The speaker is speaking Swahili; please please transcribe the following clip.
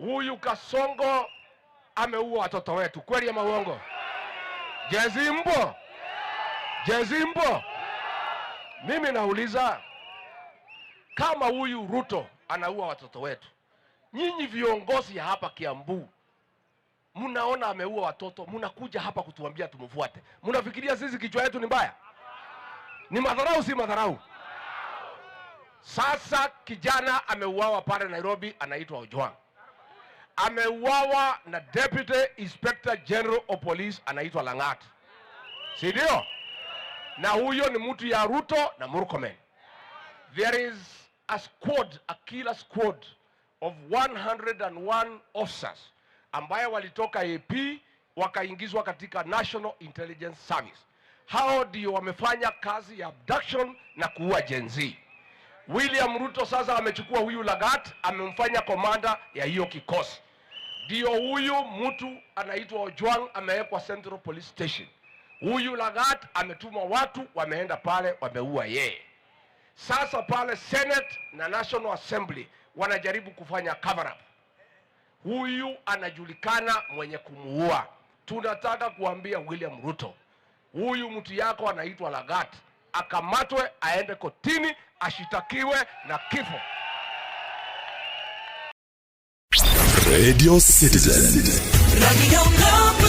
huyu Kasongo ameua watoto wetu, kweli ama uongo? Jezi mbo, jezi mbo. Mimi nauliza kama huyu Ruto anaua watoto wetu, nyinyi viongozi ya hapa Kiambu mnaona ameua watoto, mnakuja hapa kutuambia tumfuate. Mnafikiria sisi kichwa yetu ni mbaya? Ni madharau, si madharau? Sasa kijana ameuawa pale Nairobi, anaitwa Ojwang ameuawa na Deputy Inspector General of Police anaitwa Langat, si ndio? Na huyo ni mtu ya Ruto na Murkomen. There is a squad, a killer squad of 101 officers ambaye walitoka AP wakaingizwa katika National Intelligence Service. Hao ndio wamefanya kazi ya abduction na kuua Gen Z. William Ruto sasa amechukua huyu Lagat, amemfanya komanda ya hiyo kikosi. Ndio huyu mtu anaitwa Ojwang amewekwa Central Police Station. Huyu Lagat ametuma watu, wameenda pale, wameua yeye. Sasa pale Senate na National Assembly wanajaribu kufanya cover up. Huyu anajulikana mwenye kumuua. Tunataka kuambia William Ruto, huyu mtu yako anaitwa Lagat, akamatwe aende kotini ashitakiwe na kifo. Radio Citizen. Radio Citizen.